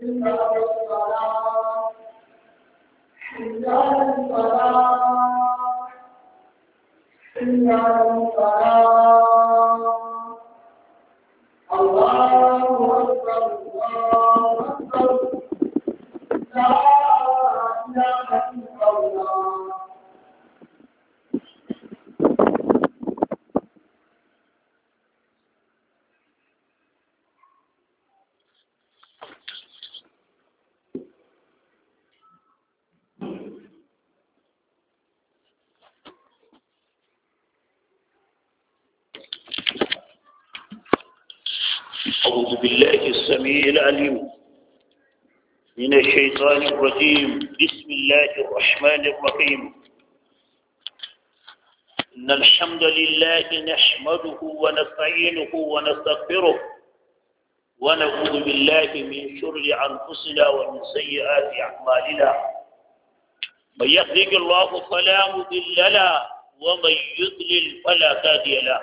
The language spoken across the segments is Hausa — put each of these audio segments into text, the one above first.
Thank you. السميع العليم من الشيطان الرجيم بسم الله الرحمن الرحيم إن الحمد لله نحمده ونستعينه ونستغفره ونعوذ بالله من شر أنفسنا ومن سيئات أعمالنا من يهدك الله فلا مضل له ومن يضلل فلا هادي له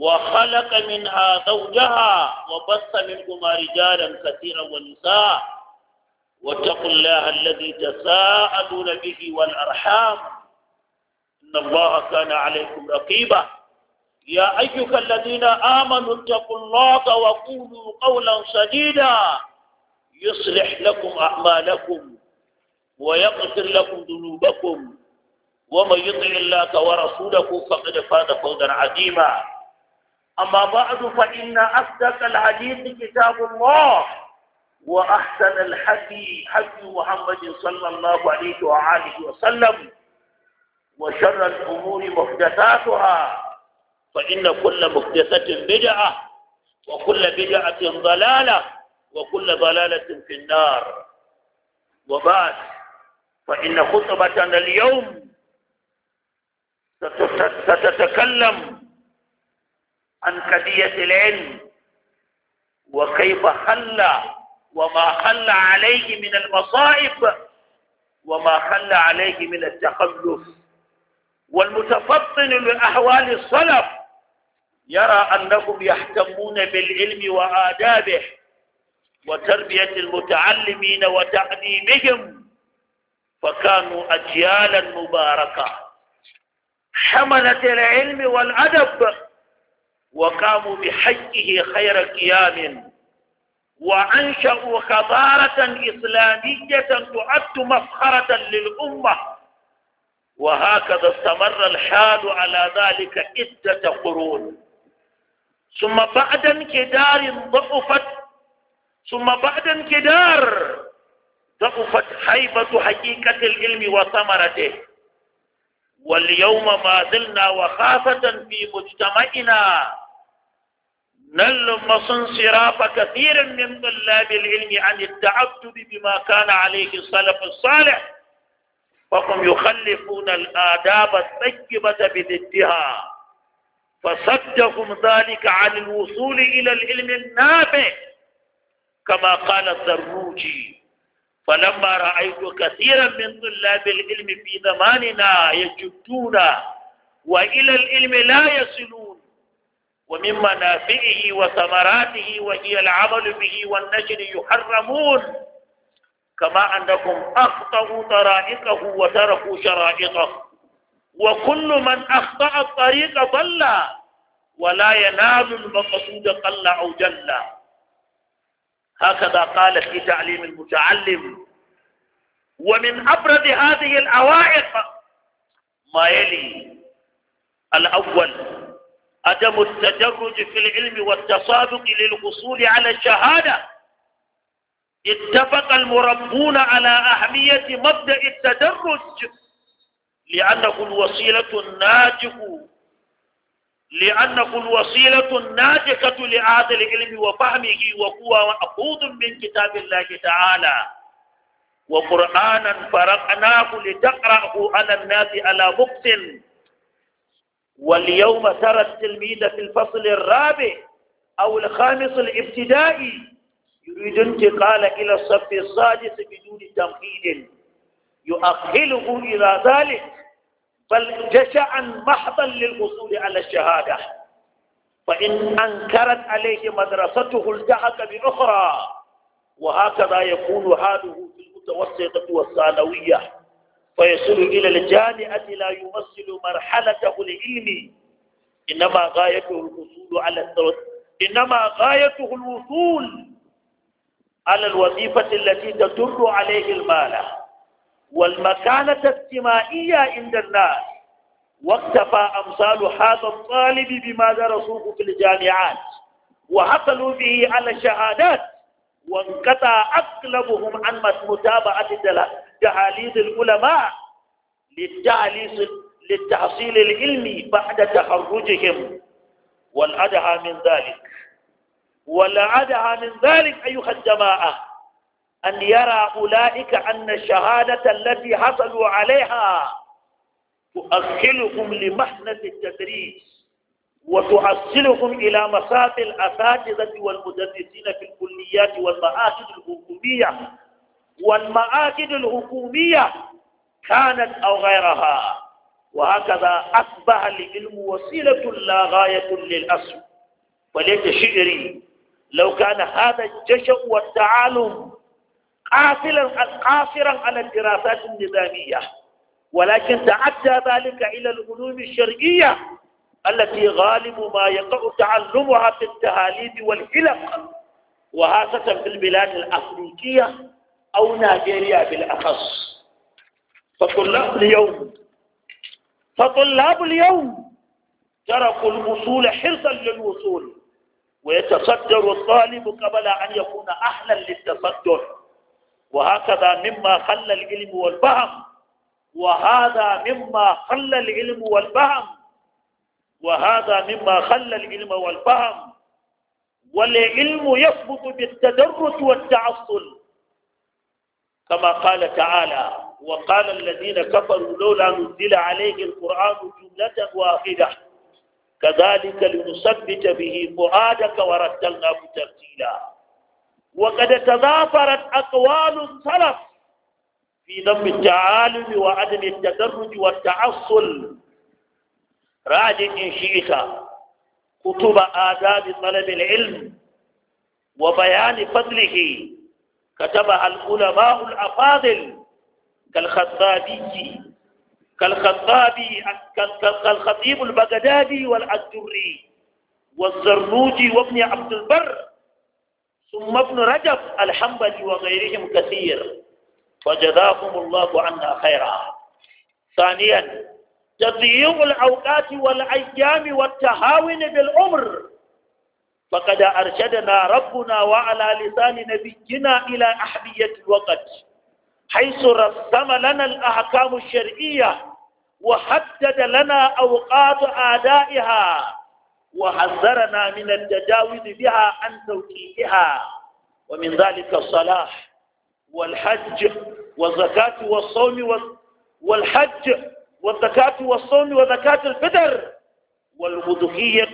وخلق منها زوجها وبث منهما رجالا كثيرا ونساء واتقوا الله الذي تساءلون به والارحام ان الله كان عليكم رقيبا يا ايها الذين امنوا اتقوا الله وقولوا قولا سديدا يصلح لكم اعمالكم ويغفر لكم ذنوبكم ومن يطع الله ورسوله فقد فاز فوزا عظيما أما بعد فإن أصدق الحديث كتاب الله وأحسن الحدي حدي محمد صلى الله عليه وآله وسلم وشر الأمور محدثاتها فإن كل محدثة بدعة وكل بدعة ضلالة وكل ضلالة في النار وبعد فإن خطبتنا اليوم ستتكلم عن قضية العلم وكيف حل وما حل عليه من المصائب وما حل عليه من التخلف والمتفطن لأحوال الصلف يرى أنهم يهتمون بالعلم وآدابه وتربية المتعلمين وتعليمهم فكانوا أجيالا مباركة حملة العلم والأدب وقاموا بحجه خير قيام وأنشأوا حضارة إسلامية تعد مفخرة للأمة وهكذا استمر الحال على ذلك عدة قرون ثم بعد انكدار ضعفت ثم بعد انكدار ضعفت هيبة حقيقة العلم وثمرته واليوم ما زلنا وخاصة في مجتمعنا نل انصراف كثير من طلاب العلم عن التعبد بما كان عليه السلف الصالح فهم يخلفون الآداب الطيبة بضدها فصدهم ذلك عن الوصول إلى العلم النافع كما قال الزروجي فلما رأيت كثيرا من طلاب العلم في زماننا يجدون وإلى العلم لا يصلون ومن منافعه وثمراته وهي العمل به والنشر يحرمون كما أنكم أخطأوا طرائقه وتركوا شرائطه وكل من أخطأ الطريق ضل ولا ينال المقصود قل أو جل هكذا قال في تعليم المتعلم ومن أبرز هذه الأوائق ما يلي الأول عدم التدرج في العلم والتصادق للحصول على الشهادة اتفق المربون على أهمية مبدأ التدرج لأنه الوسيلة الناجح لأنه الوسيلة الناجحة لهذا العلم وفهمه وهو مأخوذ من كتاب الله تعالى وقرآنا فرقناه لتقرأه على الناس على مقتل واليوم ترى التلميذ في الفصل الرابع أو الخامس الابتدائي يريد انتقال إلى الصف السادس بدون تمهيد يؤهله إلى ذلك بل جشعا محضا للوصول على الشهادة فإن أنكرت عليه مدرسته التحق بأخرى وهكذا يكون حاله في المتوسطة والثانوية ويصل إلى الجامعة لا يمثل مرحلته العلمي إنما غايته الوصول على الثلاث إنما غايته الوصول على الوظيفة التي تدر عليه المال والمكانة الاجتماعية عند الناس واكتفى أمثال هذا الطالب بما درسوه في الجامعات وحصلوا به على الشهادات وانقطع أغلبهم عن متابعة تعاليد العلماء للتحصيل العلمي بعد تخرجهم والأدهى من ذلك والأدهى من ذلك أيها الجماعة أن يرى أولئك أن الشهادة التي حصلوا عليها تؤهلهم لمحنة التدريس وتؤصلهم إلى مصاف الأساتذة والمدرسين في الكليات والمعاهد الحكومية والمعاقد الحكومية كانت أو غيرها وهكذا أصبح العلم وسيلة لا غاية للأصل وليس شعري لو كان هذا الجشع والتعالم قاصرا قاصرا على الدراسات النظامية ولكن تعدى ذلك إلى العلوم الشرعية التي غالب ما يقع تعلمها في التهاليب والحلق وخاصة في البلاد الأفريقية أو نيجيريا بالأخص فطلاب اليوم فطلاب اليوم تركوا الوصول حرصا للوصول ويتصدر الطالب قبل أن يكون أهلا للتصدر وهكذا مما خلى العلم والفهم وهذا مما خلى العلم والفهم وهذا مما خلى العلم والفهم والعلم يثبت بالتدرس والتعصل كما قال تعالى وقال الذين كفروا لولا نزل عليه القرآن جملة واحدة كذلك لنثبت به فؤادك ورتلناه ترتيلا وقد تضافرت أقوال السلف في ذم التعالم وعدم التدرج والتعصل راجع إن كتب آداب طلب العلم وبيان فضله كتبها العلماء الأفاضل كالخطابي كالخطابي كالخطيب البغدادي والأجري والزرنوجي وابن عبد البر ثم ابن رجب الحنبلي وغيرهم كثير وجزاكم الله عنا خيرا ثانيا تضييع الأوقات والأيام والتهاون بالعمر فقد أرشدنا ربنا وعلى لسان نبينا إلى أحبية الوقت حيث رسم لنا الأحكام الشرعية وحدد لنا أوقات آدائها وحذرنا من التجاوز بها عن توكيدها ومن ذلك الصلاة والحج والزكاة والصوم والحج والزكاة والصوم وزكاة الفطر والوضوحية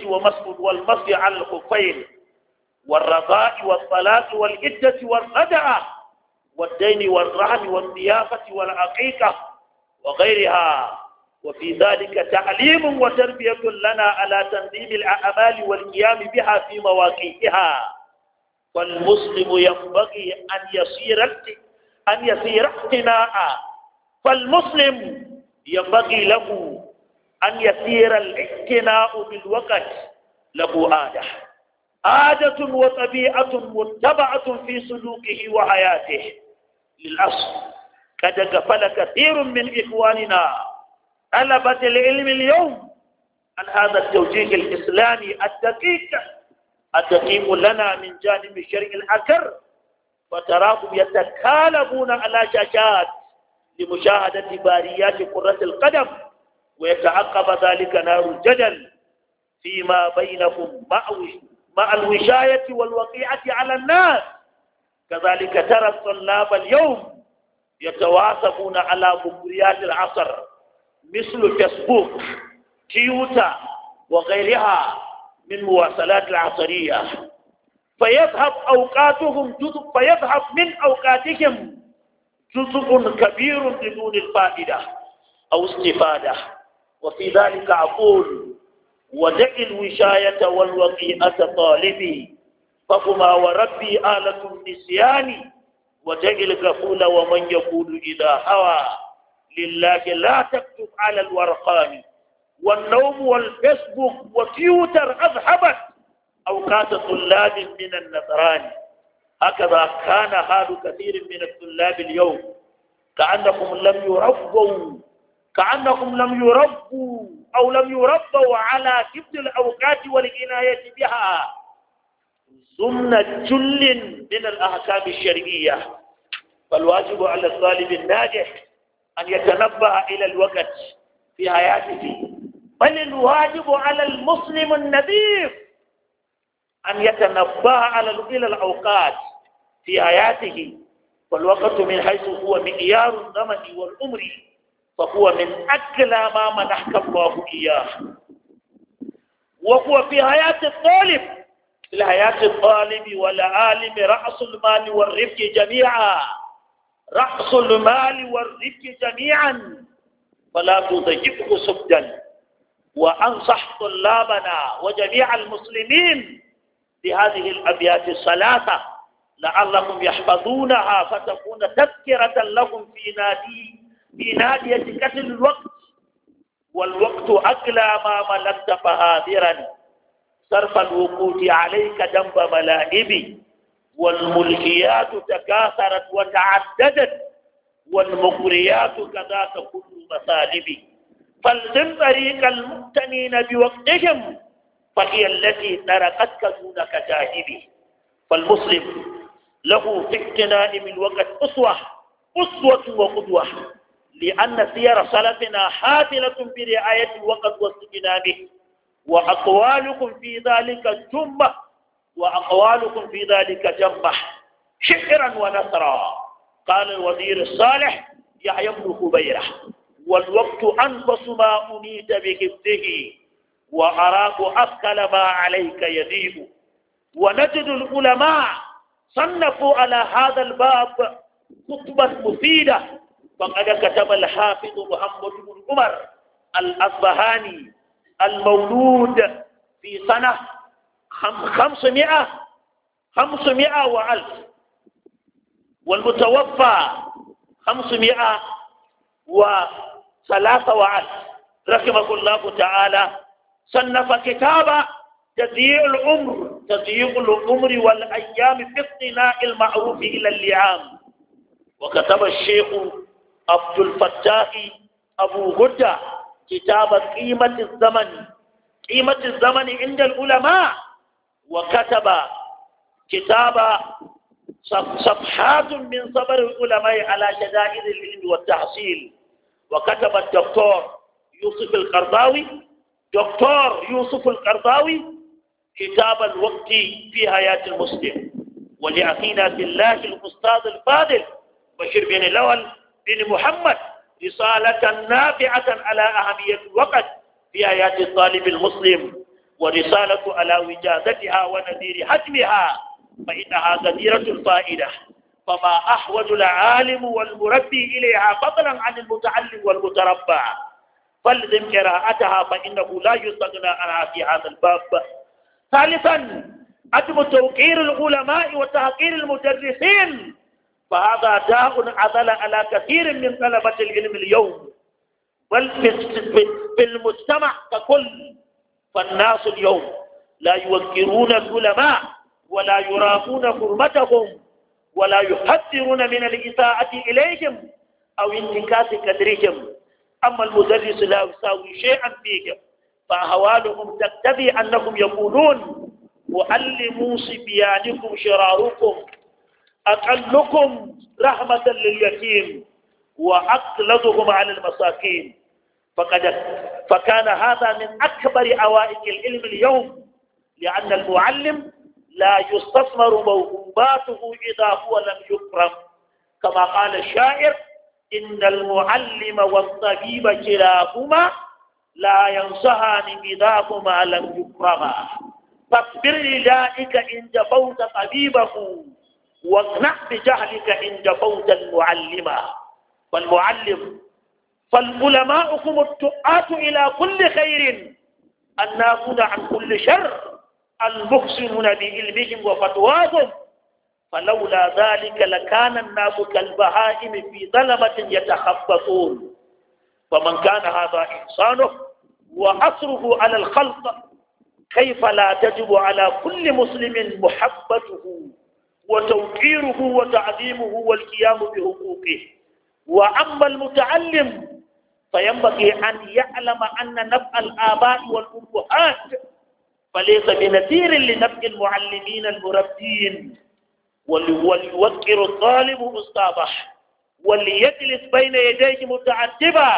والمصي على الخفين والرضاء والصلاة والعدة والردعة والدين والرهن والضيافة والعقيقة وغيرها وفي ذلك تعليم وتربية لنا على تنظيم الأعمال والقيام بها في مواقيتها فالمسلم ينبغي أن يسير أن يسير اقتناء فالمسلم ينبغي له أن يسير الاقتناء بالوقت له عادة عادة وطبيعة متبعة في سلوكه وحياته للأصل قد قفل كثير من إخواننا طلبة العلم اليوم عن هذا التوجيه الإسلامي الدقيق الدقيق لنا من جانب الشرع الأكر وتراهم يتكالبون على شاشات لمشاهدة باريات كرة القدم ويتعقب ذلك نار الجدل فيما بينكم مع الوشاية والوقيعة على الناس كذلك ترى الطلاب اليوم يتواصفون على بكريات العصر مثل فيسبوك تيوتا وغيرها من مواصلات العصرية فيذهب أوقاتهم جزء فيذهب من أوقاتهم جزء كبير بدون الفائدة أو استفادة وفي ذلك أقول ودع الوشاية والوقيئة طالبي فهما وربي آلة النسيان ودع الغفول ومن يقول إذا هوى لله لا تكتب على الورقان والنوم والفيسبوك وتيوتر أذهبت أوقات طلاب من النظران هكذا كان حال كثير من الطلاب اليوم كأنهم لم يرفضوا كأنهم لم يربوا أو لم يربوا على كبد الأوقات والعناية بها ضمن جل من الأحكام الشرعية فالواجب على الطالب الناجح أن يتنبه إلى الوقت في حياته بل الواجب على المسلم النبيف أن يتنبه على إلى الأوقات في حياته والوقت من حيث هو معيار الزمن والعمر فهو من أكل ما منحك الله إياه وهو في حياة الطالب لحياة الطالب والعالم رأس المال والرفق جميعا رأس المال والرفق جميعا فلا تضيقه سبدا وأنصح طلابنا وجميع المسلمين بهذه الأبيات الثلاثة لعلهم يحفظونها فتكون تذكرة لهم في نادي بنادية قتل الوقت والوقت أكلى ما ملكت فهاذرا صرف الوقوت عليك جنب ملائبي والملكيات تكاثرت وتعددت والمغريات كذاك كل مثالبي فالزم طريق المقتنين بوقتهم فهي التي تركتك دونك جاهبي فالمسلم له في اقتناء وقت أسوة أسوة وقدوة لأن سير سلفنا حافلة برعاية الوقت به وأقوالكم في ذلك جمة وأقوالكم في ذلك جمة شعرا ونثرا قال الوزير الصالح يحيى بن خبيرة والوقت أنفس ما أنيت بحفظه وأراك أثقل ما عليك يذيب ونجد العلماء صنفوا على هذا الباب خطبة مفيدة فقد كتب الحافظ محمد بن عمر الأصبهاني المولود في سنة خمسمائة خمسمائة وألف والمتوفى خمسمائة وثلاثة وألف رحمه الله تعالى صنف كتابا تضييع العمر تضييع العمر والأيام باقتناء المعروف إلى اللعام وكتب الشيخ عبد الفتاح أبو هدى كتاب قيمة الزمن قيمة الزمن عند العلماء وكتب كتاب صفحات من صبر العلماء على شدائد العلم والتحصيل وكتب الدكتور يوسف القرضاوي دكتور يوسف القرضاوي كتاب الوقت في حياة المسلم ولأخينا بالله الأستاذ الفاضل بشير بن الأول بن محمد رسالة نافعة على أهمية الوقت في آيات الطالب المسلم ورسالة على وجازتها ونذير حجمها فإنها كثيرة الفائدة فما أحوج العالم والمربي إليها فضلا عن المتعلم والمتربى فالزم قراءتها فإنه لا يستغنى عنها في هذا الباب ثالثا عدم توقير العلماء وتحقير المدرسين فهذا داء عضل على كثير من طلبة العلم اليوم بل في المجتمع ككل فالناس اليوم لا يوقرون العلماء ولا يرافون حرمتهم ولا يحذرون من الإساءة إليهم أو انتكاس قدرهم أما المدرس لا يساوي شيئا فيهم فأهوالهم تقتضي أنهم يقولون وعلموا صبيانكم شراركم أقلكم رحمة لليتيم وأقلدهم على المساكين فقد فكان هذا من أكبر أوائق العلم اليوم لأن المعلم لا يستثمر موهوباته إذا هو لم يكرم كما قال الشاعر إن المعلم والطبيب كلاهما لا ينصحان إذاهما لم يكرما فاصبر لذلك إن جفوت طبيبه واقنع بجهلك عند فوت المعلمة والمعلم فالعلماء هم الدعاة إلى كل خير الناقون عن كل شر المحسنون بعلمهم وفتواهم فلولا ذلك لكان الناس كالبهائم في ظلمة يتخبطون فمن كان هذا إنسانه وأصره على الخلق كيف لا تجب على كل مسلم محبته وتوقيره وتعليمه والقيام بحقوقه وأما المتعلم فينبغي أن يعلم أن نفع الآباء والأمهات فليس بنذير لنفع المعلمين المربين وليوكر الطالب أستاذه وليجلس بين يديه متعتبا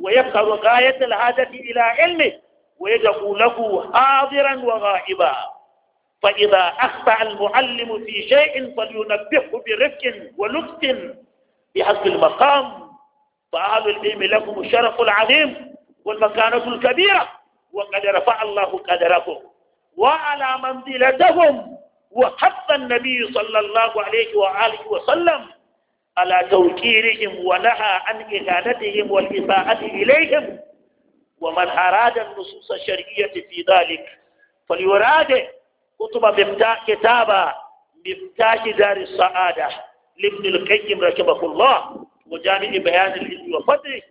ويفهم غاية الهدف إلى علمه ويجب له حاضرا وغائبا فإذا أخطأ المعلم في شيء فلينبهه برفق ولطف بحسب المقام فأهل العلم لكم الشرف العظيم والمكانة الكبيرة وقد رفع الله قدركم وعلى منزلتهم وحث النبي صلى الله عليه وآله وسلم على توكيلهم ونهى عن إهانتهم والإساءة إليهم ومن أراد النصوص الشرعية في ذلك فليراده كتب مفتاح كتابة مفتاح دار السعادة لابن القيم رحمه الله وجامع بيان العلم وفضله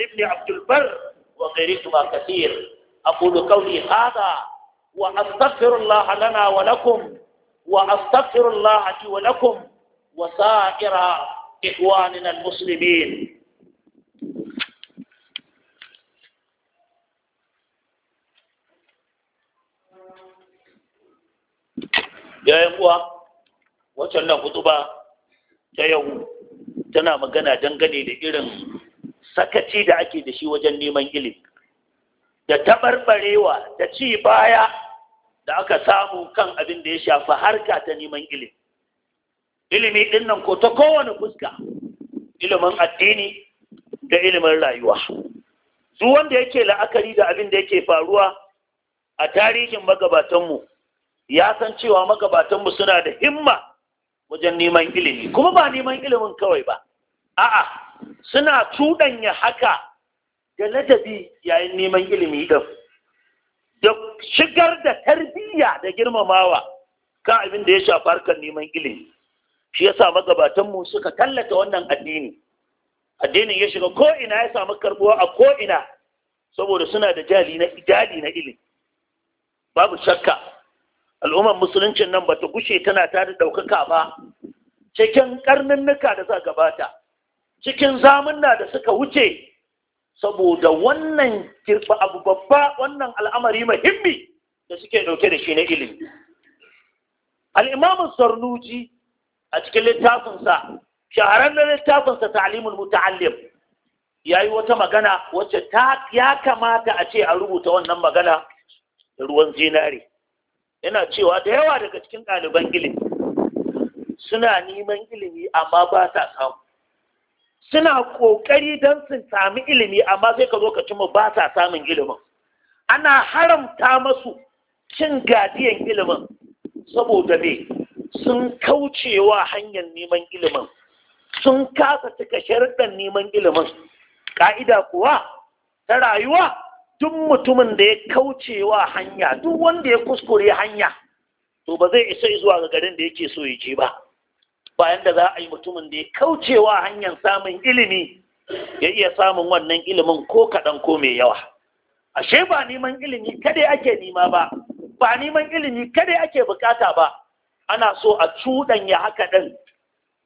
لابن عبد البر وغيرهما كثير أقول قولي هذا وأستغفر الله لنا ولكم وأستغفر الله لي ولكم وسائر إخواننا المسلمين yayin uwa waccan nan hutuba ta yau tana magana dangane da irin sakaci da ake da shi wajen neman ilimi da taɓarɓarewa da ci baya da aka samu kan abin da ya shafa harka ta neman ilimi ilimi din nan ko ta kowane fuska ilimin addini da ilimin rayuwa su wanda yake la'akari da abin da yake faruwa a tarihin magabatanmu ya san cewa magabatanmu suna da himma wajen neman ilimi kuma ba neman ilimin kawai ba a'a suna cuɗanya haka da ladabi yayin neman ilimi da da shigar da tarbiyya da girmamawa ka abin da ya shafi harkar neman ilimi shi yasa magabatanmu suka tallata wannan addini addinin ya shiga ko'ina ya samu karbuwa a ko'ina saboda suna da jali na ilimi babu shakka al'ummar musuluncin nan ba ta gushe tana ta da ɗaukaka ba cikin nuka da za gabata cikin zamunna da suka wuce saboda wannan kirɓa abu babba wannan al'amari muhimmi da suke ɗauke da shi na ilimi al'imamun sarnuji a cikin littafinsa na littafinsa ta'alimul muta'allim ya yi wata magana wacce ya kamata a ce a rubuta wannan magana da ruwan zinare yana cewa da yawa daga cikin ɗaliban ilimi suna neman ilimi amma ba sa samu suna ƙoƙari don su sami ilimi amma sai ka zo ka cimma ba sa samun ilimin ana haramta masu cin gadiyan ilimin saboda me sun kaucewa hanyar neman ilimin sun kasa cika sharuɗan neman ilimin ƙa'ida kuwa ta rayuwa duk mutumin da ya kaucewa hanya duk wanda ya kuskure hanya to ba zai isa zuwa ga garin da yake so ya je ba bayan da za a yi mutumin da ya kaucewa hanyar samun ilimi ya iya samun wannan ilimin ko kaɗan ko mai yawa ashe ba neman ilimi kada ake nema ba ba neman ilimi kada ake bukata ba ana so a cuɗanya haka ɗin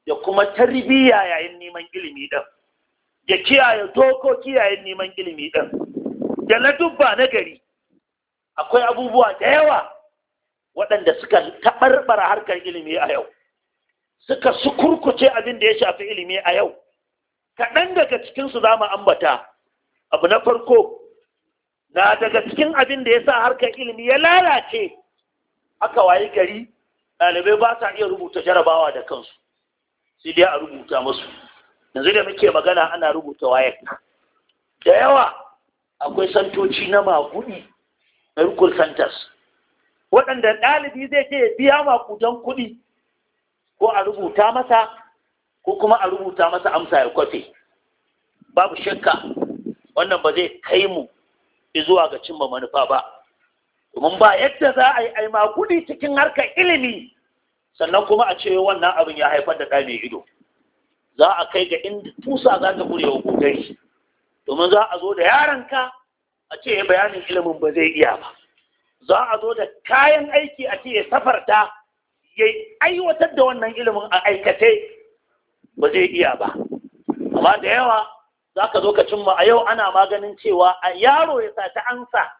ya kuma tarbiyya yayin neman ilimi ɗin ya kiyaye dokoki yayin neman ilimi ɗin da na dubba na gari akwai abubuwa da yawa waɗanda suka taɓarɓara harkar ilimi a yau suka sukurkuce abin da ya shafi ilimi a yau kaɗan daga cikinsu za mu ambata abu na farko na daga cikin abin da ya sa harkar ilimi ya lalace aka wayi gari ɗalibai ba sa iya rubuta jarabawa da kansu sai dai a rubuta musu yanzu da muke magana ana rubuta wayar da yawa akwai santoci na makuɗi na rukun santas waɗanda ɗalibi zai ce biya makudan kuɗi ko a rubuta masa ko kuma a rubuta masa amsa ya kwafe babu shakka wannan ba zai kai mu zuwa ga cimma manufa ba domin ba yadda za a yi ai cikin harkar ilimi sannan kuma a ce wannan abin ya haifar da ɗalibi ido za a kai ga inda tusa za ta gurewa gogari domin za a zo da yaranka a ce ya bayanin ilimin ba zai iya ba za a zo da kayan aiki a ce ya safarta ya aiwatar da wannan ilimin a aikace ba zai iya ba amma da yawa za ka zo ka cimma a yau ana maganin cewa a yaro ya sata ansa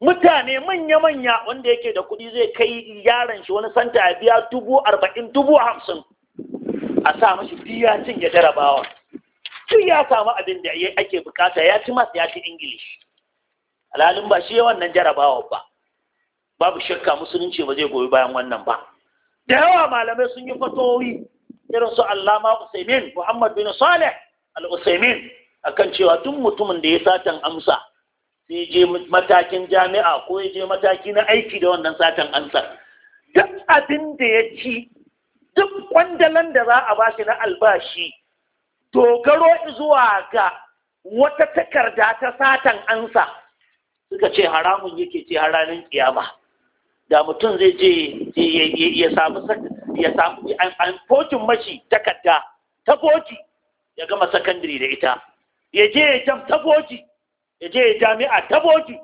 mutane manya-manya wanda yake da kuɗi zai kai yaron shi wani santa a biya dubu arba'in dubu hamsin a sa mashi biya cin ya jarabawa tun ya samu abin da ake bukata ya ci Mas ya ci ingilish alhalin ba shi wannan jarabawa ba babu shakka musulunci ba zai goyi bayan wannan ba da yawa malamai sun yi fatowi irin su allama usaimin muhammad bin saleh al usaimin akan cewa tun mutumin da ya satan amsa sai je matakin jami'a ko ya je mataki na aiki da wannan satan amsa duk abin da ya ci duk kwandalan da za a bashi na albashi dogaro zuwa ga wata takarda ta satan ansa suka ce haramun yake ce haranin kiyama da mutum zai je ya samu ya samu an fokin mashi takarda ta boki ya gama sakandare da ita ya je ya jam ta boki ya je ya jami'a ta boki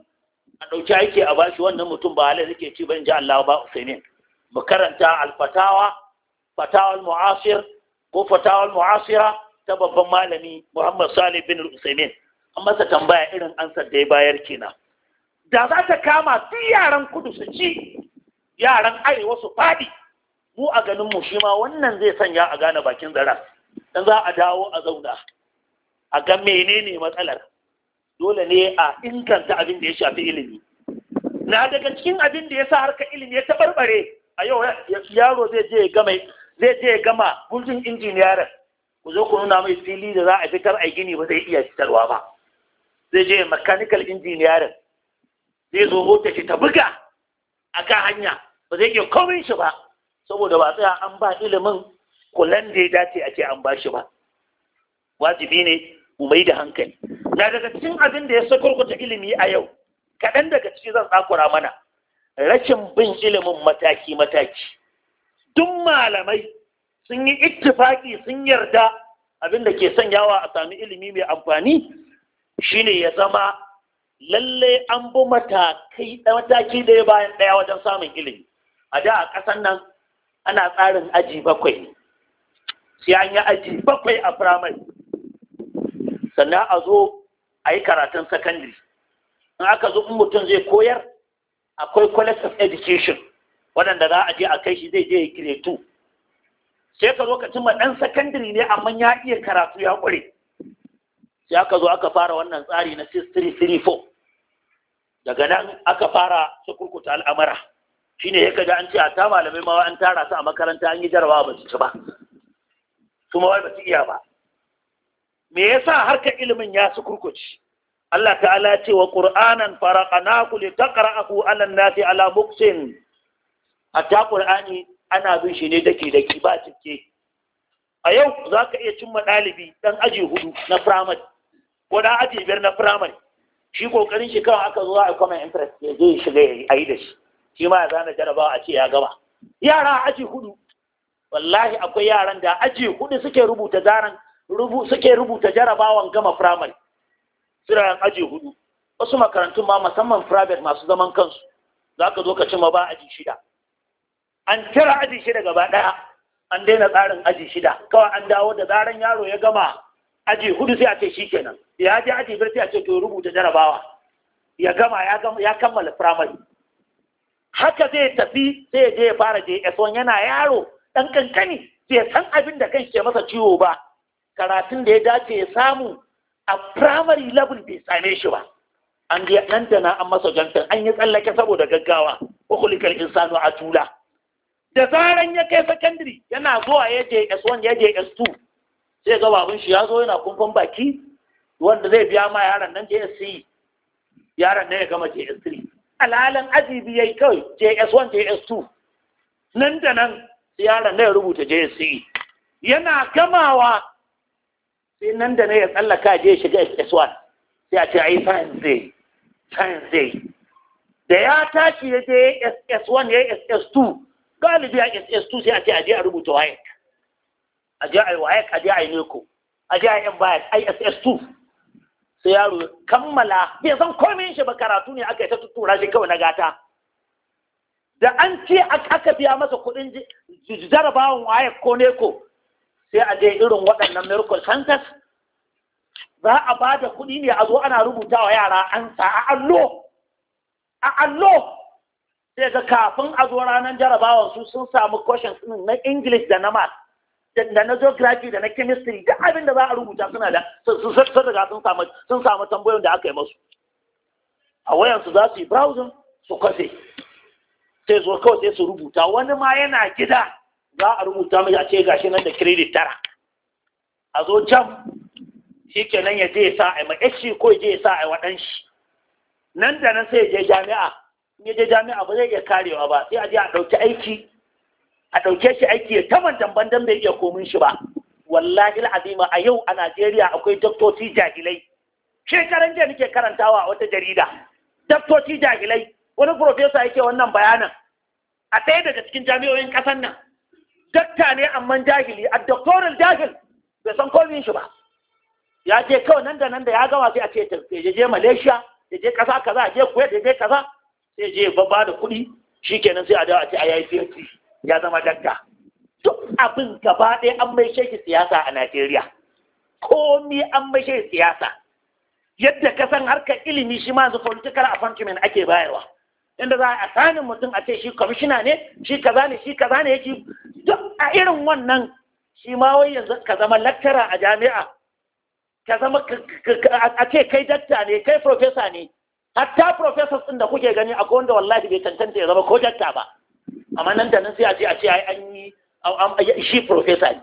a ɗauki aiki a bashi wannan mutum ba halin yake ci ban ji Allah ba Usaimin mu karanta alfatawa fatawal mu'asir ko fatawal mu'asira ta babban malami Muhammad Salih bin Usaimin an masa tambaya irin ansar da ya bayar kenan da za ta kama duk yaran kudu su ci yaran arewa su faɗi mu a ganin mu shi ma wannan zai sanya a gane bakin zara dan za a dawo a zauna a ga menene matsalar dole ne a inganta abin da ya shafi ilimi na daga cikin abin da ya sa harka ilimi ya tabarbare a yau yaro zai je ya gama zai je ku zo ku nuna mai fili da za a fitar a gini ba zai iya fitarwa ba zai je mechanical injiniyarin. zai zo mota shi ta buga a kan hanya ba zai iya komai shi ba saboda ba tsaya an ba ilimin kulan da ya dace a ce an ba shi ba wajibi ne mu mai da hankali na daga cikin abin da ya sakurkuta ilimi a yau kaɗan daga ciki zan tsakura mana rashin bin ilimin mataki-mataki duk malamai sun yi ittifaki sun yarda abin da ke yawa a sami ilimi mai amfani shine ya zama lalle an bi matakai mataki ɗaya bayan ɗaya wajen samun ilimi a da a ƙasan nan ana tsarin aji bakwai sai an yi aji bakwai a firamare sannan a zo a yi karatun sakandare in aka zo in mutum zai koyar akwai college of education waɗanda za a je a kai shi zai je ya kiretu sai ka zo ka cimma ɗan sakandare ne amma ya iya karatu ya ƙware sai aka zo aka fara wannan tsari na 6334 daga nan aka fara kurkuta al'amara ne ya kaga an ce a ta malamai ma an tara su a makaranta an yi jarabawa ba su ci ba su wai ba su iya ba me yasa harka ilimin ya su kurkuci Allah ta'ala ce wa qur'anan faraqnahu litaqra'ahu 'ala an-nasi 'ala muksin at-ta qur'ani ana bin shi ne daki-daki ba cike a yau za ka iya cimma ɗalibi ɗan aji hudu na firamare ko ɗan aji biyar na firamare shi ƙoƙarin shi kawai aka zo a common interest ya je shiga ya yi da shi shi ma ya zana jarabawa a ce ya gaba yara aji hudu wallahi akwai yaran da aji hudu suke rubuta zaran rubu suke rubuta jarabawan gama firamare siraran aji hudu wasu makarantun ma musamman firamare masu zaman kansu za ka zo ka cimma ba aji shida an kira aji shida gaba ɗaya an daina tsarin aji shida kawai an dawo da zaran yaro ya gama aji hudu sai a ce shi kenan ya je aji biyar sai a ce to rubuta jarabawa ya gama ya kammala firamare haka zai tafi sai ya je ya fara je 1 yana yaro ɗan kankani bai san abin da kan ke masa ciwo ba karatun da ya dace ya samu a primary level bai same shi ba an je nan da na an masa jantar an yi tsallake saboda gaggawa wa kulikar insanu a tula da zaran ya kai secondary yana zuwa ya je S1 ya je S2 sai ga babun shi ya zo yana kumfan baki wanda zai biya ma yaron nan JSC yaron nan ya gama JS3 Al'alan ajibi yayi kai JS1 JS2 nan da nan yaron nan ya rubuta JSC yana gamawa sai nan da nan ya tsallaka je shiga S1 sai a ce ai science day science day da ya tashi ya je SS1 ya SS2 galibi a ss2 sai a ce je a rubuta wayek je a wayek aje a neko aje a yi bayan iss2 sai yaro kammala bai san komai shi ba karatu ne aka yi ta tuttura shi kawai na gata da an ce aka biya masa kuɗin jarabawan wayek ko neko sai a je irin waɗannan miracle centers za a ba da kuɗi ne a zo ana rubuta wa yara an sa a allo a allo sai ga kafin a zo ranar jarabawar su sun samu questions na English da na math da na geography da na chemistry duk abin da za a rubuta suna da sun riga sun samu sun samu tambayoyin da aka yi musu a wayan su za su yi browsing su kafe sai zo kawai sai su rubuta wani ma yana gida za a rubuta mai a ce gashi nan da credit tara a zo jam shi kenan ya je ya sa a ma ko ya je ya sa a waɗanshi nan da nan sai je jami'a in ya je jami'a ba zai iya karewa ba sai a je a ɗauki aiki a ɗauke shi aiki ya taman tamban dan bai iya komin shi ba wallahi azima a yau a Najeriya akwai daktoci jahilai shekaran jiya nake karantawa a wata jarida daktoci jahilai wani profesa yake wannan bayanan a ɗaya daga cikin jami'o'in ƙasar nan dakta ne amma jahili a doktoral jahil bai san komin shi ba ya je kawai nan da nan da ya gama sai a ce ya je Malaysia ya je ƙasa kaza ya je Kuwait ya je kaza sai je ba da kuɗi shikenan sai a dawo a ce a yayi siyasi ya zama dagga duk abin gaba ɗaya an mai shi siyasa a Najeriya komi an mai shi siyasa yadda ka san harkar ilimi shi ma zu political appointment ake bayarwa inda za a sanin mutum a ce shi kwamishina ne shi kaza ne shi kaza ne yake duk a irin wannan shi ma wai yanzu ka zama lecturer a jami'a ka zama a ce kai dakta ne kai professor ne hatta professors ɗin da kuke gani akwai wanda wallahi bai cancanta ya zama ko jakta ba amma nan da nan sai a ce a ce ai an yi shi professor ne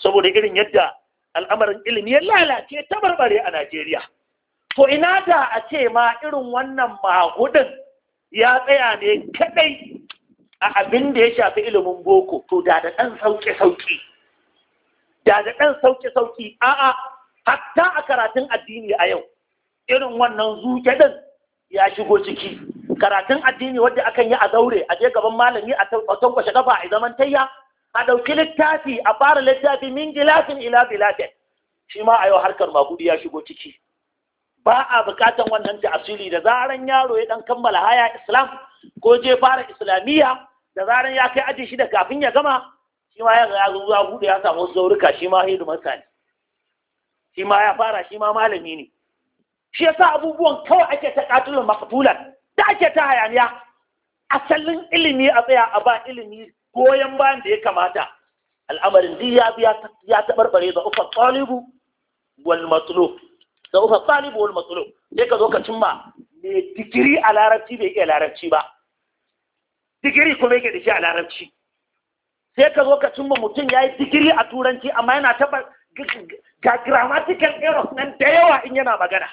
saboda irin yadda al'amarin ilimi ya lalace ta barbare a Najeriya to ina da a ce ma irin wannan mahudin ya tsaya ne kadai a abin da ya shafi ilimin boko to da da dan sauke sauki da da dan sauke sauƙi a'a hatta a karatun addini a yau irin wannan zuke ɗin ya shigo ciki karatun addini wanda akan yi a zaure a je gaban malami a tankwashe kafa a zaman tayya a ɗauki littafi a fara littafi min gilasin ila gilasin shi ma a yau harkar magudi ya shigo ciki ba a buƙatar wannan asiri da zaran yaro ya dan kammala haya islam ko je fara islamiyya da zaran ya kai aji da kafin ya gama shi ma ya ya zuwa ya samu zaurika shi ma hidimarsa ne shi ma ya fara shi ma malami ne shi yasa abubuwan kawai ake ta katilin makatulan da ake ta hayaniya asalin ilimi a tsaya a ba ilimi goyon bayan da ya kamata al'amarin duk ya biya ya tabarbare da ufa talibu wal matlu da ufa talibu wal matlu sai ka zo ka cimma me digiri a larabci bai iya larabci ba digiri kuma yake da shi a larabci sai ka zo ka cimma mutum ya yi digiri a turanci amma yana ta ga grammatical errors nan da yawa in yana magana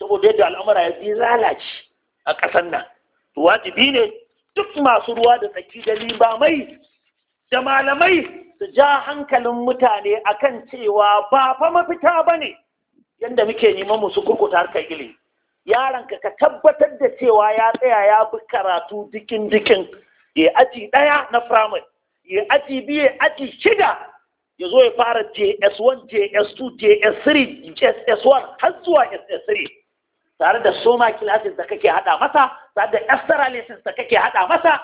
saboda yadda al'amura ya lalace a ƙasar nan to wajibi ne duk masu ruwa da tsaki da limamai da malamai su ja hankalin mutane akan cewa ba fa mafita ba ne yadda muke neman musu kurkuta harkar ilimi yaron ka ka tabbatar da cewa ya tsaya ya fi karatu dikin dikin ya aji ɗaya na firamare ya aji biyu ya aji shida ya zo ya fara js1 js2 js3 js1 har zuwa js3 tare da soma kilasin da kake hada masa tare da extra da kake hada masa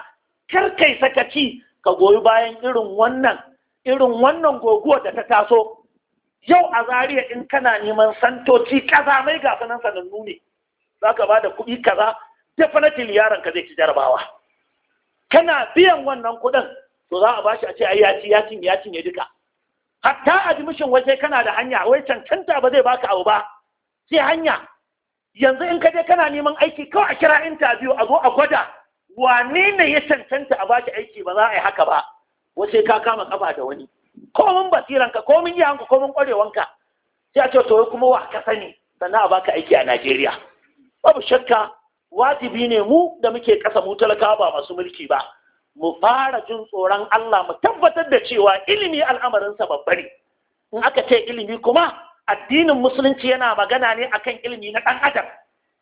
kar kai sakaci ka goyi bayan irin wannan irin wannan goguwar da ta taso yau a zariya in kana neman santoci kaza mai ga sanan sanannu ne za ka ba da kuɗi kaza definitely yaron ka zai ci jarabawa kana biyan wannan kuɗin to za a bashi a ce ai ya ci ya ci ya ne duka hatta admission waje kana da hanya wai cancanta ba zai baka abu ba sai hanya yanzu in ka je kana neman aiki kawai a kira interview a zo a gwada wane ne ya cancanta a baki aiki ba za a yi haka ba wace ka kama kafa da wani komin basiranka komin yahanka komin kwarewanka sai a ce to kuma wa ka sani sannan a baka aiki a Najeriya babu shakka wajibi ne mu da muke kasa mu talakawa ba masu mulki ba mu fara jin tsoron Allah mu tabbatar da cewa ilimi al'amarinsa sa babbare. in aka ce ilimi kuma addinin musulunci yana magana ne akan ilimi na ɗan adam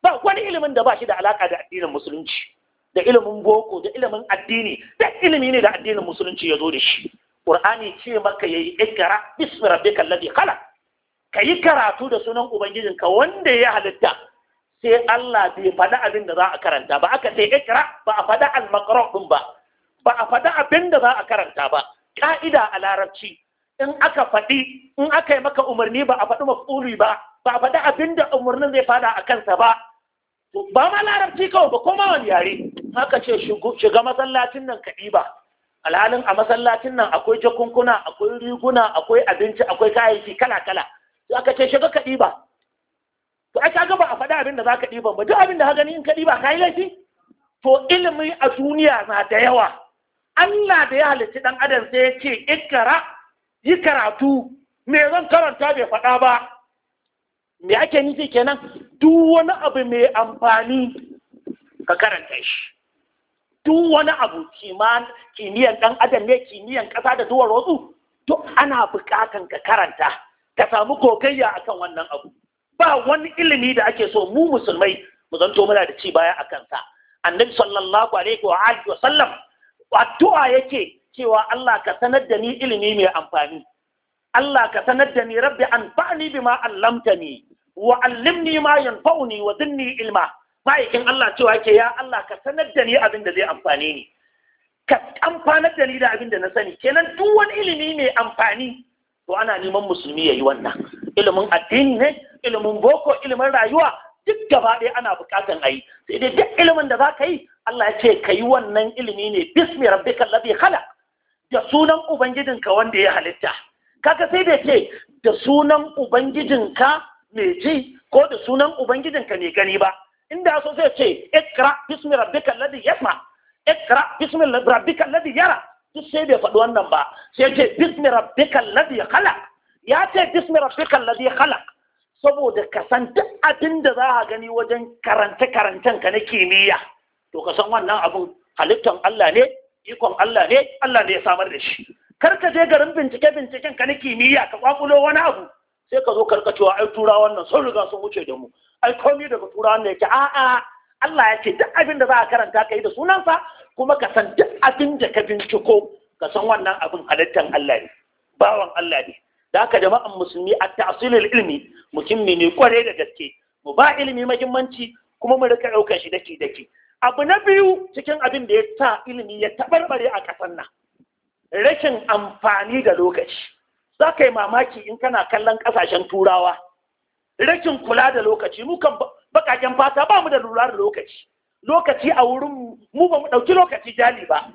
ba wani ilimin da ba shi da alaƙa da addinin musulunci da ilimin boko da ilimin addini da ilimi ne da addinin musulunci ya zo da shi ƙur'ani ce maka yayi ikra bismi rabbika kala. khalaq kayi karatu da sunan ubangijin ka wanda ya halitta sai Allah bai faɗa abin da za a karanta ba aka sai ikra ba a faɗa al-maqra ba ba a faɗa abin da za a karanta ba ka'ida a larabci in aka faɗi in aka yi maka umarni ba a faɗi maf'uli ba ba a faɗi abinda da umarnin zai fada a kansa ba ba ma larabci kawai ba koma wani yare haka ce shiga masallacin nan kaɗi ba alhalin a masallacin nan akwai jakunkuna akwai riguna akwai abinci akwai kayayyaki kala kala to aka ce shiga kaɗi ba to aka ga ba a faɗi abin da za ka ɗiban ba duk abin da ka gani in ka ɗiba ka yi laifi to ilimi a duniya na da yawa Allah da ya halicci ɗan adam sai ya ce ikra yi karatu me zan karanta bai faɗa ba me ake nufi kenan duk wani abu mai amfani ka karanta shi duk wani abu kimiyyar ɗan adam ne kimiyyar ƙasa da duwar wasu duk ana buƙatan ka karanta ka samu kokayya akan wannan abu ba wani ilimi da ake so mu musulmai mu zanto muna da ci baya a kansa annabi sallallahu alaihi wa alihi wa sallam addu'a yake cewa Allah ka sanar da ni ilimi mai amfani Allah ka sanar da ni rabbi anfa'ni bima allamtani wa allimni ma yanfa'uni wa zidni ilma ma'aikin Allah cewa ke ya Allah ka sanar da ni abin da zai amfani ni ka amfanar da ni da abin da na sani kenan duk wani ilimi mai amfani to ana neman musulmi ya yi wannan ilimin addini ne ilimin boko ilimin rayuwa duk gaba ɗaya ana buƙatan a yi sai dai duk ilimin da za ka yi Allah ya ce ka yi wannan ilimi ne bismi rabbikal ladhi khalaq da sunan ubangijinka wanda ya halitta kaka sai da ce da sunan ubangijinka mai ji ko da sunan ubangijinka mai gani ba inda so sai ce ikra bismi rabbika alladhi yasma ikra bismi rabbika ladi yara duk sai bai faɗi wannan ba sai ce bismi rabbika ya khalaq ya ce bismi rabbika ya khalaq saboda ka san duk abin da za a gani wajen karanta karantanka na kimiyya to ka san wannan abun halittan Allah ne ikon Allah ne Allah ne ya samar da shi kar ka je garin bincike binciken ka na kimiyya ka kwakulo wani abu sai ka zo karkacewa ai tura wannan, sun riga sun wuce da mu ai komai daga tura ne yake a'a Allah ya ce duk abin da za a karanta ka yi da sunansa kuma ka san duk abin da ka binciko ka san wannan abin halittar Allah ne bawan Allah ne da haka jama'an musulmi a tasirin ilimi mutum ne kware da gaske mu ba ilimi mahimmanci, kuma mu rika daukar shi daki daki abu na biyu cikin abin da ya sa ilimi ya tabarbare a ƙasar nan rashin amfani da lokaci za ka yi mamaki in kana kallon ƙasashen turawa rashin kula da lokaci mu kan baƙaƙen fata ba mu da lura da lokaci lokaci a wurin mu ba mu ɗauki lokaci jali ba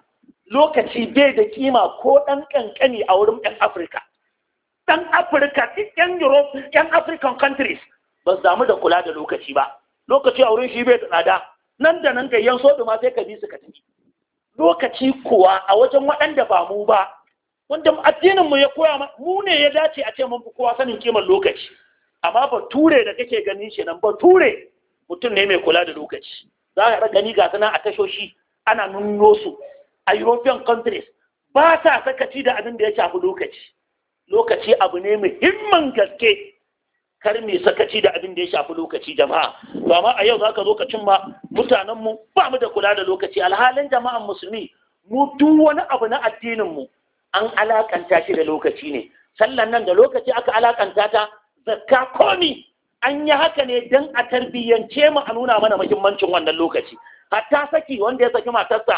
lokaci bai da kima ko ɗan ƙanƙani a wurin ɗan afirka ɗan afirka ɗan europe 'yan african countries ba su damu da kula da lokaci ba lokaci a wurin shi bai da tsada nan da nan gayyan sodu ma sai ka bi su ka tafi lokaci kuwa a wajen waɗanda ba mu ba wanda addinin mu ya koya mu ne ya dace a ce mun fi kowa sanin kimar lokaci amma ture da kake ganin shi nan ba, ture mutum ne mai kula da lokaci za ka gani ga sana a tashoshi ana nuno su a european countries ba sa sakaci da abin da ya shafi lokaci lokaci abu ne muhimmin gaske kar mai sakaci da abin da ya shafi lokaci jama'a to amma a yau za ka zo ka cimma mutanen mu ba mu da kula da lokaci alhalin jama'an musulmi mu duk wani abu na addinin mu an alakanta shi da lokaci ne sallan nan da lokaci aka alakanta ta zakka komi an yi haka ne don a tarbiyyance mu a nuna mana muhimmancin wannan lokaci hatta saki wanda ya saki matarsa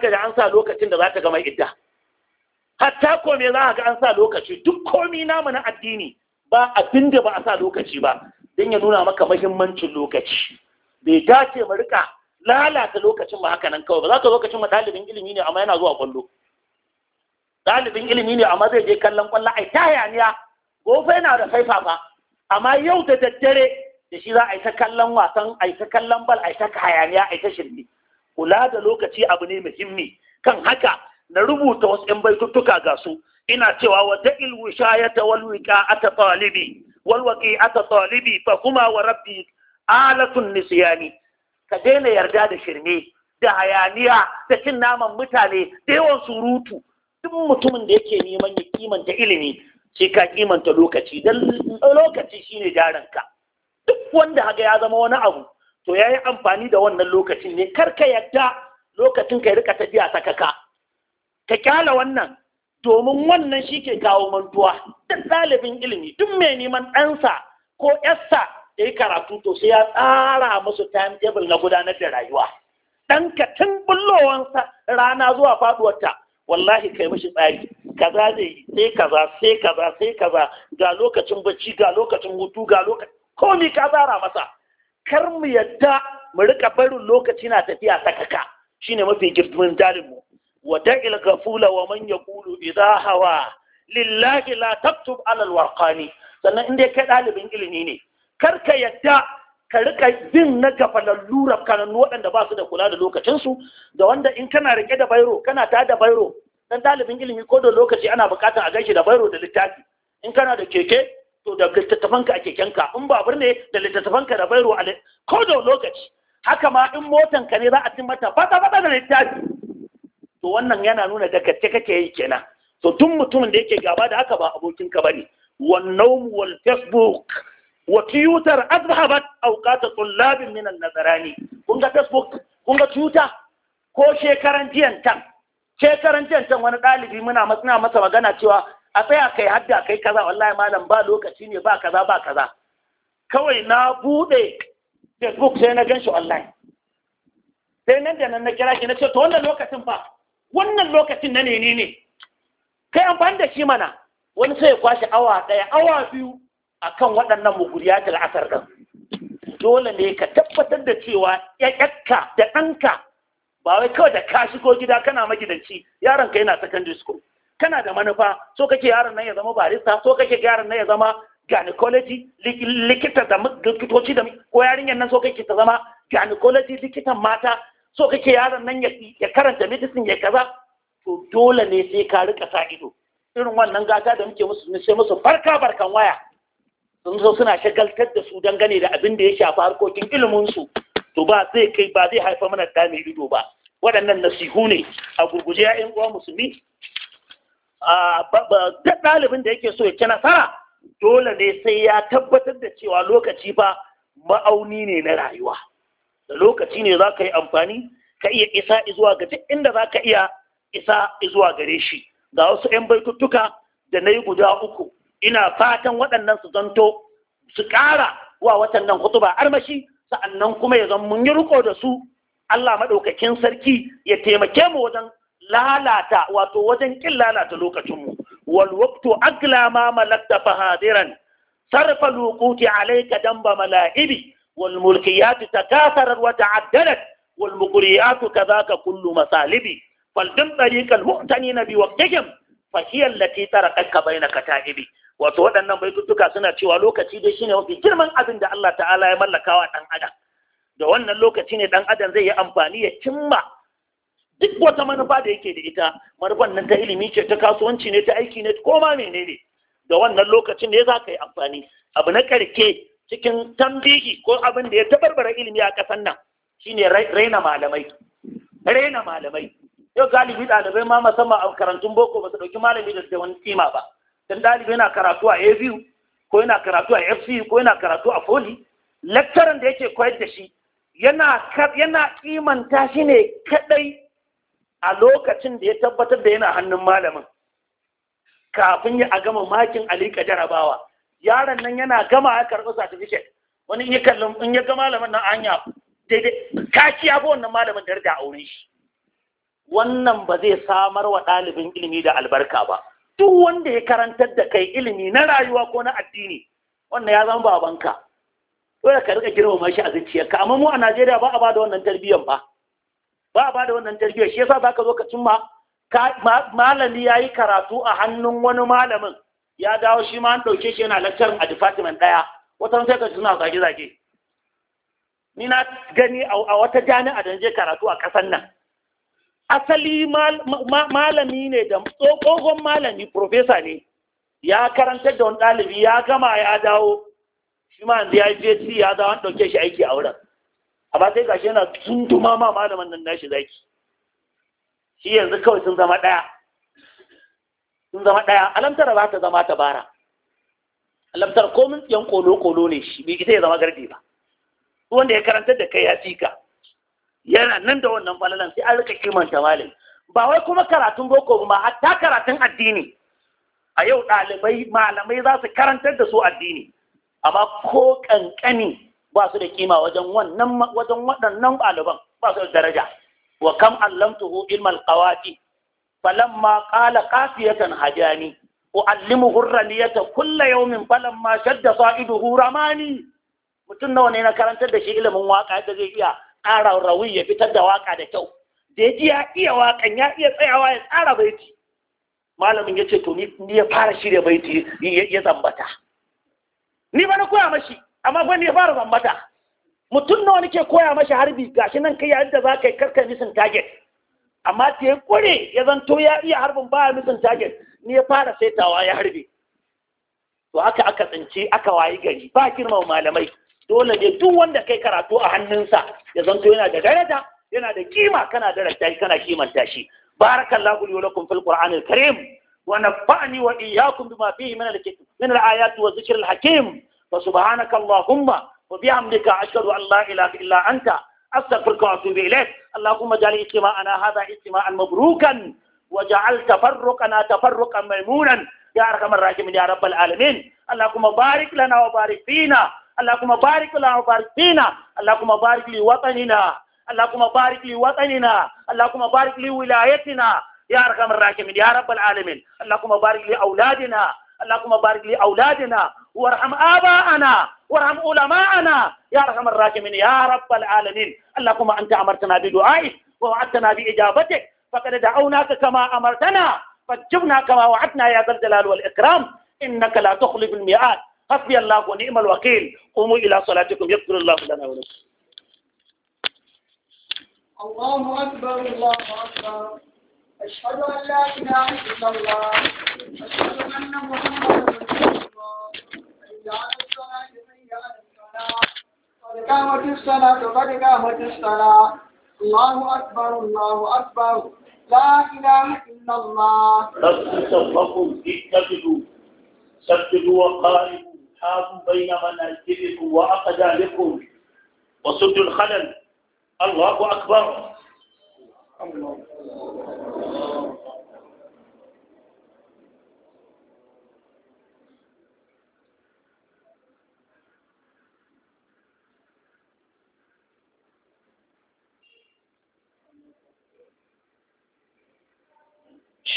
ka da an sa lokacin da za ga gama idda hatta kome za ka ga an sa lokaci duk komi namu na addini ba abin da ba a sa lokaci ba don ya nuna maka mahimmancin lokaci bai dace mu rika lalata lokacin ba haka nan kawai ba za ka lokacin ma ɗalibin ilimi ne amma yana zuwa kwallo ɗalibin ilimi ne amma zai je kallon kwallo ai ta hayaniya gobe yana da faifa ba amma yau da daddare da shi za a yi ta kallon wasan a yi ta kallon bal a yi ta hayaniya a yi ta shirme kula da lokaci abu ne muhimmi kan haka na rubuta wasu 'yan baituttuka ga su ina cewa wa da'il wishayata wal wiqa'ata talibi wal waqi'ata talibi fa kuma wa rabbi alatun nisyani ka daina yarda da shirme da hayaniya da cin naman mutane da yawan surutu duk mutumin da yake neman ya kimanta ilimi sai ka kimanta lokaci dan lokaci shine jaranka duk wanda haga ya zama wani abu to ya yi amfani da wannan lokacin ne kar ka yarda lokacin ka rika tafiya sakaka ka kyala wannan domin wannan shi ke kawo mantuwa duk ɗalibin ilimi duk mai neman ɗansa ko yarsa da yi karatu to sai ya tsara musu timetable na gudanar da rayuwa ɗanka tun bullowansa rana zuwa faɗuwarta wallahi kai mashi tsari kaza zai sai kaza sai kaza sai kaza ga lokacin bacci ga lokacin hutu ga lokacin komi ka tsara masa kar mu yadda mu riƙa barin lokaci na tafiya ta Shi shine mafi girman jarinmu wa da'il gafula wa man yaqulu idha hawa lillahi la taktub ala alwarqani sannan inda kai dalibin ilimi ne kar ka yadda ka rika bin na gafalallu rafkanannu waɗanda ba su da kula da lokacinsu da wanda in kana rike da bairo kana ta da bairo dan dalibin ilimi ko da lokaci ana buƙatar a gaishe da bairo da littafi in kana da keke to da littattafanka a kekenka in babur ne da littattafanka da bairo a ko da lokaci haka ma in motanka ne za a cin mata fata fata da littafi to wannan yana nuna da kace kake yi kenan to tun mutumin da yake gaba da haka ba abokin ka bane wannan wal facebook wa twitter azhabat awqat tullabin min al nazarani kun ga facebook kun ga twitter ko shekaran jiyan tan shekaran jiyan tan wani dalibi muna masa masa magana cewa a tsaya kai hadda kai kaza wallahi malam ba lokaci ne ba kaza ba kaza kawai na bude facebook sai na gan shi online sai nan da nan na kira shi na ce to wannan lokacin fa wannan lokacin na ne ne kai amfani da shi mana wani sai ya kwashe awa ɗaya awa biyu a kan waɗannan muguriyatul asar ɗin dole ne ka tabbatar da cewa ƴaƴakka da ɗanka ba wai kawai da ka shigo gida kana magidanci yaron ka yana secondary school kana da manufa so kake yaron nan ya zama barista so kake yaron nan ya zama gynecology likita da likitoci da ko yarinyar nan so kake ta zama gynecology likitan mata so kake yaron nan ya karanta medicine ya kaza to dole ne sai ka rika sa ido irin wannan gata da muke musu sai musu barka barkan waya sun zo suna shagaltar da su dangane da abin da ya shafi harkokin ilimin su to ba zai kai ba zai haifa mana da mai ido ba waɗannan nasihu ne a gurguje ƴan uwa musulmi duk ɗalibin da yake so ya ci nasara dole ne sai ya tabbatar da cewa lokaci fa ma'auni ne na rayuwa da lokaci ne za ka yi amfani ka iya isa zuwa ga duk inda za ka iya isa zuwa gare shi ga wasu 'yan baituttuka da na yi guda uku ina fatan waɗannan su zanto su ƙara wa watan nan ba armashi sa'annan kuma ya zan mun yi riko da su Allah maɗaukakin sarki ya taimake mu wajen lalata wato wajen ƙin lalata lokacinmu wal waqtu agla ma malakta fahadiran sarfa luquti alayka damba mala'ibi والملكيات تكاثرت وتعددت والمقريات كذاك كل مسالبي فالدم طريق المؤتنين بوقتهم فهي التي تركتك بين كتائبي wato waɗannan baitutuka suna cewa lokaci dai shine mafi girman abin da Allah ta'ala ya mallakawa ɗan adam da wannan lokaci ne dan adam zai yi amfani ya cimma duk wata manufa da yake da ita manufan nan ta ilimi ce ta kasuwanci ne ta aiki ne ko ma menene da wannan lokacin ne za ka yi amfani abu na ƙarke cikin tambihi ko abin da ya tabarbara ilimi a ƙasar nan shine raina malamai raina malamai yau galibi ɗalibai ma musamman a karantun boko ba su ɗauki malami da da wani kima ba dan ɗalibi yana karatu a V, ko yana karatu a FC ko yana karatu a Foli lakcaran da yake koyar da shi yana yana kimanta shi ne kaɗai a lokacin da ya tabbatar da yana hannun malamin kafin ya a gama makin alika jarabawa yaron nan yana gama ya karɓi certificate wani in ya kallon in ya ga malamin nan anya daidai kaci ya wannan malamin da rida aure shi wannan ba zai samar wa ɗalibin ilimi da albarka ba duk wanda ya karantar da kai ilimi na rayuwa ko na addini wannan ya zama babanka dole ka rika girmama shi a zuciyarka amma mu a Najeriya ba a ba da wannan tarbiyyar ba ba a ba da wannan tarbiyyar shi yasa zaka zo ka cimma malami yayi karatu a hannun wani malamin ya dawo shi ma an ɗauke shi yana lakcar a department ɗaya wata sai ka suna zage-zage ni na gani a wata jami'a da je karatu a kasan nan asali malami ne da tsohon malami profesa ne ya karanta da wani ɗalibi ya gama ya dawo shi ma yanzu ya je ya dawo an ɗauke shi aiki a wurin amma sai sai gashi yana tuntuma ma malaman nan nashi zaki shi yanzu kawai sun zama ɗaya sun zama ɗaya alamtar za ta zama ta bara alamtar komin tsiyan kolo-kolo ne shi bai ita ya zama garbi ba wanda ya karanta da kai ya fika yana nan da wannan falalan sai an rika kimanta malam ba wai kuma karatun boko ba hatta karatun addini a yau ɗalibai malamai za su karantar da su addini amma ko ƙanƙani ba su da kima wajen wannan wajen waɗannan ɗaliban ba su da daraja wa kam allamtuhu ilmal qawaqi فلما قال قافية هجاني أعلمه الرمية كل يوم فلما شد صائده ni. mutum nawa ne na karantar da shi ilimin waka da zai iya ƙara rawi ya fitar da waka da kyau da ya ji ya iya wakan ya iya tsayawa ya tsara baiti malamin ya ce to ni ya fara shirya baiti ya zambata ni ba na koya mashi amma ba ni ya fara zambata mutum nawa nake koya mashi harbi gashi nan kai yayin da za ka yi karkar misin target amma ta ya kware ya zanto ya iya harbin baya misin target ni ya fara saitawa ya harbe to haka aka tsinci aka wayi gari ba girmama malamai dole ne duk wanda kai karatu a hannunsa ya zanto yana da daraja yana da kima kana darata kana kimanta shi barakallahu li wa lakum fil qur'anil karim wa nafa'ni wa iyyakum bima fihi min al min al ayati wa dhikril hakim fa subhanaka allahumma wa bihamdika ashhadu an la ilaha illa anta استغفر وأتوب إليك اللهم اجعل اجتماعنا هذا اجتماعا مبروكا وجعل تفرقنا تفرقا ميمونا يا أرحم الراحمين يا رب العالمين اللهم بارك لنا وبارك فينا اللهم بارك لنا وبارك فينا اللهم بارك لوطننا اللهم بارك لوطننا اللهم بارك لولايتنا يا أرحم الراحمين يا رب العالمين اللهم بارك لأولادنا اللهم بارك لأولادنا وارحم آباءنا وارحم علماءنا يا أرحم الراحمين يا رب العالمين اللهم أنت أمرتنا بدعائك ووعدتنا بإجابتك فقد دعوناك كما أمرتنا فاجبنا كما وعدنا يا ذا الجلال والإكرام إنك لا تخلف الميعاد حسبي الله ونعم الوكيل قوموا إلى صلاتكم يذكر الله لنا ولكم الله أكبر الله أكبر أشهد أن لا إله إلا الله أشهد أن محمدا قد قامت الصلاة قد قامت الصلاة الله أكبر الله أكبر لا إله إلا الله رب صفكم اتبعوا سددوا وقاربوا حابوا بين منازلكم وأقدامكم وسدوا الخلل الله أكبر الله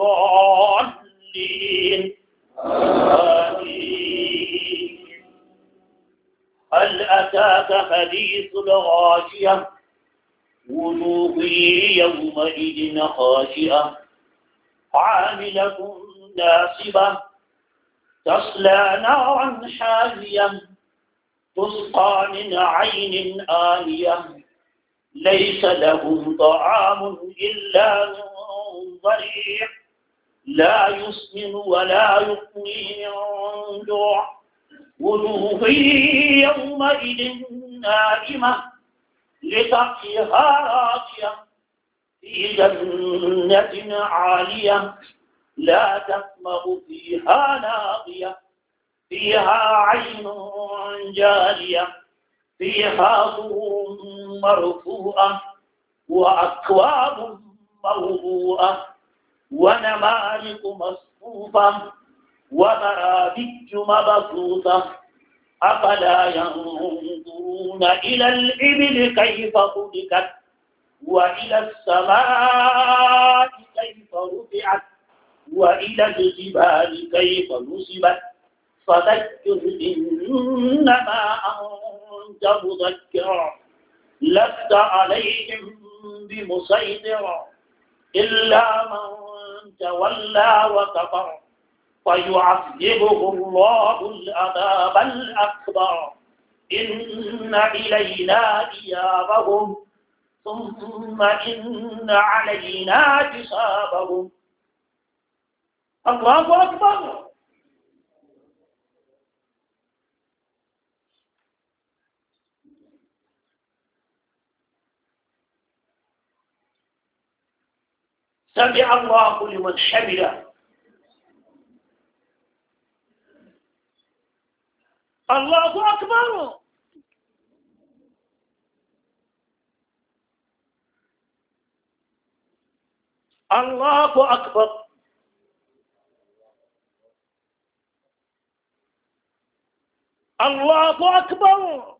الضالين آمين هل أتاك حديث الغاشية وجوه يومئذ خاشئة عاملة ناصبة تصلى نارا حامية تسقى من عين آنية ليس لهم طعام إلا من ضريع لا يسمن ولا يقني من جوع وجوه يومئذ نائمة لتقيها راضية في جنة عالية لا تسمع فيها ناغية فيها عين جارية فيها سور مرفوعة وأكواب موضوعة ونمارق مصفوفة ومرابج مبسوطة أفلا ينظرون إلى الإبل كيف خلقت وإلى السماء كيف رفعت وإلى الجبال كيف نصبت فذكر إنما أنت مذكر لست عليهم بمسيطر إلا من تولى وكفر فيعذبه الله العذاب الأكبر إن إلينا إيابهم ثم إن علينا حسابهم الله أكبر سمع الله لمن حمله الله أكبر الله أكبر الله أكبر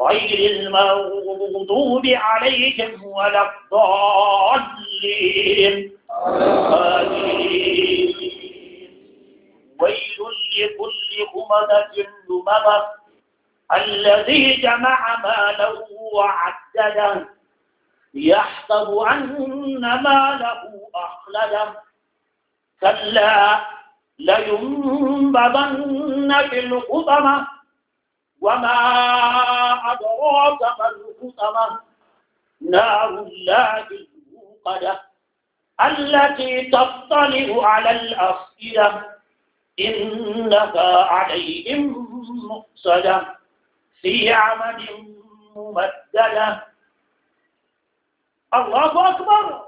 غير المغضوب عليهم ولا الضالين ويل لكل همزة أمم الذي جمع ماله وعدده يحسب أن ماله أخلده كلا لينبذن في الخطمة وما أدراك ما الحطمة نار الله الموقدة التي تطلع على الأفئدة إنها عليهم مقصدة في عمل ممددة الله أكبر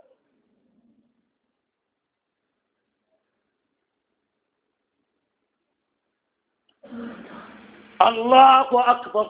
الله أكبر